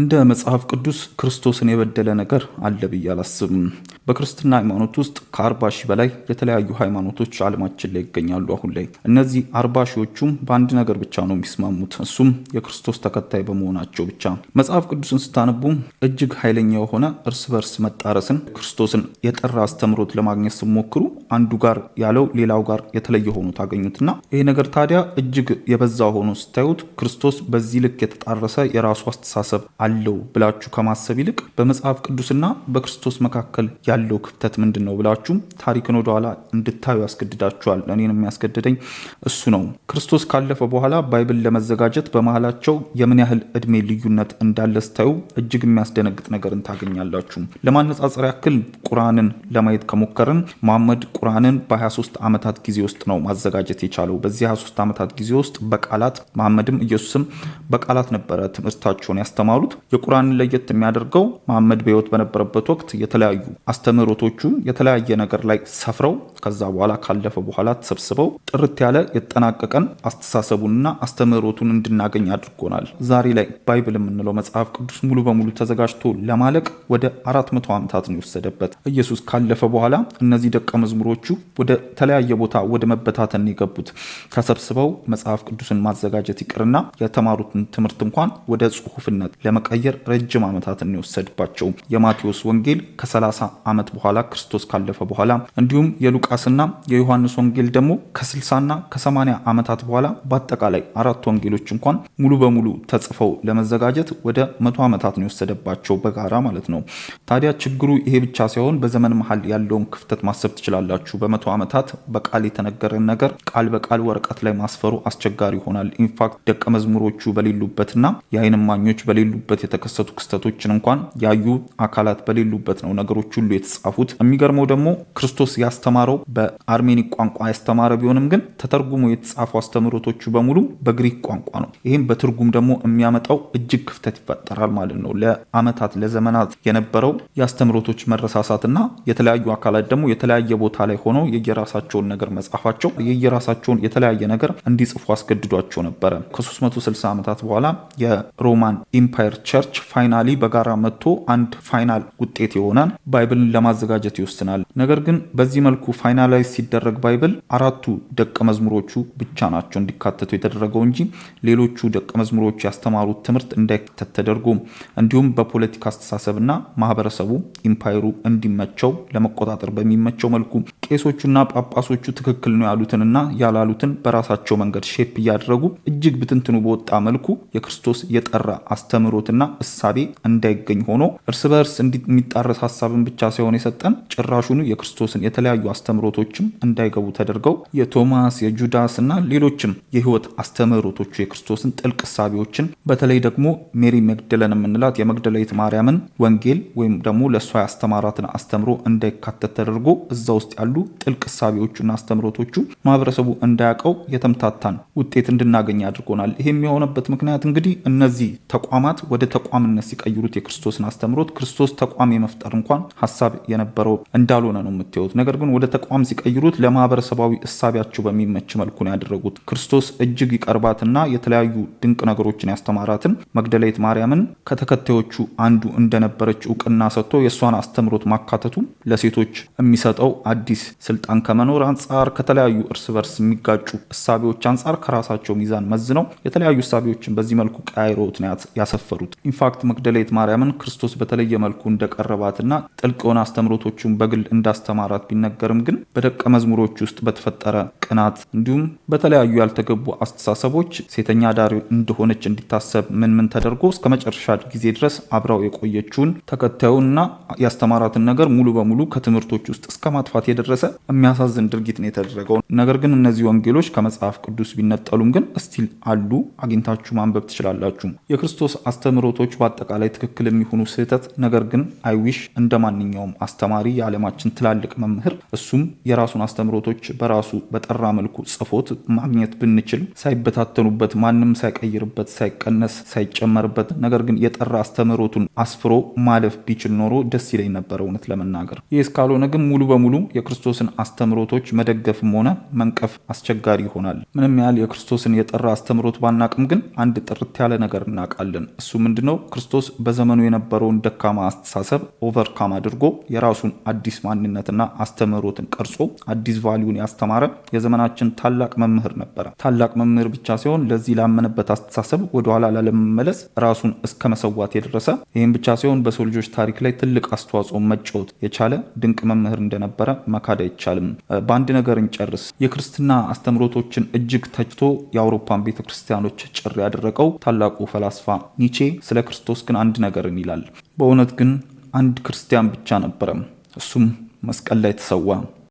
እንደ መጽሐፍ ቅዱስ ክርስቶስን የበደለ ነገር አለ ብዬ አላስብም። በክርስትና ሃይማኖት ውስጥ ከአርባ ሺህ በላይ የተለያዩ ሃይማኖቶች አለማችን ላይ ይገኛሉ። አሁን ላይ እነዚህ አርባ ሺዎቹም በአንድ ነገር ብቻ ነው የሚስማሙት፣ እሱም የክርስቶስ ተከታይ በመሆናቸው ብቻ። መጽሐፍ ቅዱስን ስታነቡ እጅግ ኃይለኛ የሆነ እርስ በርስ መጣረስን ክርስቶስን የጠራ አስተምሮት ለማግኘት ስሞክሩ አንዱ ጋር ያለው ሌላው ጋር የተለየ ሆኖ ታገኙትና ይህ ነገር ታዲያ እጅግ የበዛ ሆኖ ስታዩት ክርስቶስ በዚህ ልክ የተጣረሰ የራሱ አስተሳሰብ አለው ብላችሁ ከማሰብ ይልቅ በመጽሐፍ ቅዱስና በክርስቶስ መካከል ያለው ክፍተት ምንድን ነው ብላችሁም ታሪክን ወደኋላ እንድታዩ ያስገድዳችኋል። እኔን የሚያስገድደኝ እሱ ነው። ክርስቶስ ካለፈ በኋላ ባይብል ለመዘጋጀት በመሃላቸው የምን ያህል እድሜ ልዩነት እንዳለ ስታዩ እጅግ የሚያስደነግጥ ነገርን ታገኛላችሁ። ለማነጻጸር ያክል ቁርአንን ለማየት ከሞከርን መሐመድ ቁርአንን በ23 ዓመታት ጊዜ ውስጥ ነው ማዘጋጀት የቻለው። በዚህ 23 ዓመታት ጊዜ ውስጥ በቃላት መሐመድም ኢየሱስም በቃላት ነበረ ትምህርታቸውን ያስተማሩት። የቁርአንን ለየት የሚያደርገው መሐመድ በህይወት በነበረበት ወቅት የተለያዩ አስተምህሮቶቹ የተለያየ ነገር ላይ ሰፍረው ከዛ በኋላ ካለፈ በኋላ ተሰብስበው ጥርት ያለ የጠናቀቀን አስተሳሰቡንና አስተምህሮቱን እንድናገኝ አድርጎናል። ዛሬ ላይ ባይብል የምንለው መጽሐፍ ቅዱስ ሙሉ በሙሉ ተዘጋጅቶ ለማለቅ ወደ አራት መቶ ዓመታት ነው የወሰደበት። ኢየሱስ ካለፈ በኋላ እነዚህ ደቀ መዝሙሮቹ ወደ ተለያየ ቦታ ወደ መበታተን የገቡት ተሰብስበው መጽሐፍ ቅዱስን ማዘጋጀት ይቅርና የተማሩትን ትምህርት እንኳን ወደ ጽሁፍነት ለመቀ ለመቀየር ረጅም ዓመታትን የወሰድባቸው የማቴዎስ ወንጌል ከ30 ዓመት በኋላ ክርስቶስ ካለፈ በኋላ እንዲሁም የሉቃስና የዮሐንስ ወንጌል ደግሞ ከ60ና ከ80 ዓመታት በኋላ በአጠቃላይ አራት ወንጌሎች እንኳን ሙሉ በሙሉ ተጽፈው ለመዘጋጀት ወደ መቶ ዓመታትን የወሰደባቸው በጋራ ማለት ነው። ታዲያ ችግሩ ይሄ ብቻ ሳይሆን በዘመን መሀል ያለውን ክፍተት ማሰብ ትችላላችሁ። በመቶ ዓመታት በቃል የተነገረን ነገር ቃል በቃል ወረቀት ላይ ማስፈሩ አስቸጋሪ ይሆናል። ኢንፋክት ደቀ መዝሙሮቹ በሌሉበትና የአይን እማኞች በሌሉበት በሄዱበት የተከሰቱ ክስተቶችን እንኳን ያዩ አካላት በሌሉበት ነው ነገሮች ሁሉ የተጻፉት። የሚገርመው ደግሞ ክርስቶስ ያስተማረው በአርሜኒክ ቋንቋ ያስተማረ ቢሆንም ግን ተተርጉሞ የተጻፉ አስተምህሮቶቹ በሙሉ በግሪክ ቋንቋ ነው። ይህም በትርጉም ደግሞ የሚያመጣው እጅግ ክፍተት ይፈጠራል ማለት ነው። ለአመታት ለዘመናት የነበረው የአስተምህሮቶች መረሳሳትና የተለያዩ አካላት ደግሞ የተለያየ ቦታ ላይ ሆነው የየራሳቸውን ነገር መጻፋቸው የየራሳቸውን የተለያየ ነገር እንዲጽፉ አስገድዷቸው ነበረ። ከ360 ዓመታት በኋላ የሮማን ኢምፓየር ቸርች ፋይናሊ በጋራ መጥቶ አንድ ፋይናል ውጤት የሆነን ባይብልን ለማዘጋጀት ይወስናል። ነገር ግን በዚህ መልኩ ፋይናላይዝ ሲደረግ ባይብል አራቱ ደቀ መዝሙሮቹ ብቻ ናቸው እንዲካተቱ የተደረገው እንጂ ሌሎቹ ደቀ መዝሙሮች ያስተማሩት ትምህርት እንዳይካተት ተደርጎ እንዲሁም በፖለቲካ አስተሳሰብና ማህበረሰቡ ኢምፓየሩ እንዲመቸው ለመቆጣጠር በሚመቸው መልኩ ቄሶቹና ጳጳሶቹ ትክክል ነው ያሉትንና ያላሉትን በራሳቸው መንገድ ሼፕ እያደረጉ እጅግ ብትንትኑ በወጣ መልኩ የክርስቶስ የጠራ አስተምሮት ፍላጎትና እሳቤ እንዳይገኝ ሆኖ እርስ በእርስ የሚጣረስ ሀሳብን ብቻ ሳይሆን የሰጠን ጭራሹኑ የክርስቶስን የተለያዩ አስተምሮቶችም እንዳይገቡ ተደርገው የቶማስ የጁዳስ እና ሌሎችም የህይወት አስተምሮቶቹ የክርስቶስን ጥልቅ እሳቤዎችን በተለይ ደግሞ ሜሪ መግደለን የምንላት የመግደላዊት ማርያምን ወንጌል ወይም ደግሞ ለእሷ ያስተማራትን አስተምሮ እንዳይካተት ተደርጎ እዛ ውስጥ ያሉ ጥልቅ እሳቤዎቹና አስተምሮቶቹ ማህበረሰቡ እንዳያውቀው የተምታታን ውጤት እንድናገኝ አድርጎናል። ይህም የሆነበት ምክንያት እንግዲህ እነዚህ ተቋማት ወደ ተቋምነት ሲቀይሩት የክርስቶስን አስተምሮት ክርስቶስ ተቋም የመፍጠር እንኳን ሀሳብ የነበረው እንዳልሆነ ነው የምታዩት። ነገር ግን ወደ ተቋም ሲቀይሩት ለማህበረሰባዊ እሳቢያቸው በሚመች መልኩ ነው ያደረጉት። ክርስቶስ እጅግ ይቀርባትና የተለያዩ ድንቅ ነገሮችን ያስተማራትን መግደላዊት ማርያምን ከተከታዮቹ አንዱ እንደነበረች እውቅና ሰጥቶ የእሷን አስተምሮት ማካተቱ ለሴቶች የሚሰጠው አዲስ ስልጣን ከመኖር አንጻር ከተለያዩ እርስ በርስ የሚጋጩ እሳቢዎች አንጻር ከራሳቸው ሚዛን መዝነው የተለያዩ እሳቢዎችን በዚህ መልኩ ቀያይረውት ያሰፈሩት። የሆኑት። ኢንፋክት መግደላዊት ማርያምን ክርስቶስ በተለየ መልኩ እንደቀረባትና ጥልቅ የሆነ አስተምሮቶቹን በግል እንዳስተማራት ቢነገርም ግን በደቀ መዝሙሮች ውስጥ በተፈጠረ ቅናት፣ እንዲሁም በተለያዩ ያልተገቡ አስተሳሰቦች ሴተኛ አዳሪ እንደሆነች እንዲታሰብ ምን ምን ተደርጎ እስከ መጨረሻ ጊዜ ድረስ አብራው የቆየችውን ተከታዩና ያስተማራትን ነገር ሙሉ በሙሉ ከትምህርቶች ውስጥ እስከ ማጥፋት የደረሰ የሚያሳዝን ድርጊት ነው የተደረገው። ነገር ግን እነዚህ ወንጌሎች ከመጽሐፍ ቅዱስ ቢነጠሉም ግን እስቲል አሉ፣ አግኝታችሁ ማንበብ ትችላላችሁ። የክርስቶስ አስተምህሮቶች በአጠቃላይ ትክክል የሚሆኑ ስህተት፣ ነገር ግን አይዊሽ እንደ ማንኛውም አስተማሪ የዓለማችን ትላልቅ መምህር እሱም የራሱን አስተምህሮቶች በራሱ በጠራ በተጣራ መልኩ ጽፎት ማግኘት ብንችል ሳይበታተኑበት ማንም ሳይቀይርበት ሳይቀነስ ሳይጨመርበት ነገር ግን የጠራ አስተምህሮቱን አስፍሮ ማለፍ ቢችል ኖሮ ደስ ይለኝ ነበር እውነት ለመናገር ይህ እስካልሆነ ግን ሙሉ በሙሉ የክርስቶስን አስተምህሮቶች መደገፍም ሆነ መንቀፍ አስቸጋሪ ይሆናል ምንም ያህል የክርስቶስን የጠራ አስተምህሮት ባናቅም ግን አንድ ጥርት ያለ ነገር እናውቃለን እሱ ምንድነው ክርስቶስ በዘመኑ የነበረውን ደካማ አስተሳሰብ ኦቨርካም አድርጎ የራሱን አዲስ ማንነትና አስተምህሮትን ቀርጾ አዲስ ቫሊዩን ያስተማረ የዘመናችን ታላቅ መምህር ነበረ። ታላቅ መምህር ብቻ ሲሆን ለዚህ ላመነበት አስተሳሰብ ወደኋላ ላለመመለስ ራሱን እስከ መሰዋት የደረሰ ይህም ብቻ ሲሆን በሰው ልጆች ታሪክ ላይ ትልቅ አስተዋጽኦ መጫወት የቻለ ድንቅ መምህር እንደነበረ መካድ አይቻልም። በአንድ ነገር እንጨርስ። የክርስትና አስተምሮቶችን እጅግ ተችቶ የአውሮፓን ቤተ ክርስቲያኖች ጭር ያደረገው ታላቁ ፈላስፋ ኒቼ ስለ ክርስቶስ ግን አንድ ነገርን ይላል። በእውነት ግን አንድ ክርስቲያን ብቻ ነበረም፣ እሱም መስቀል ላይ ተሰዋ።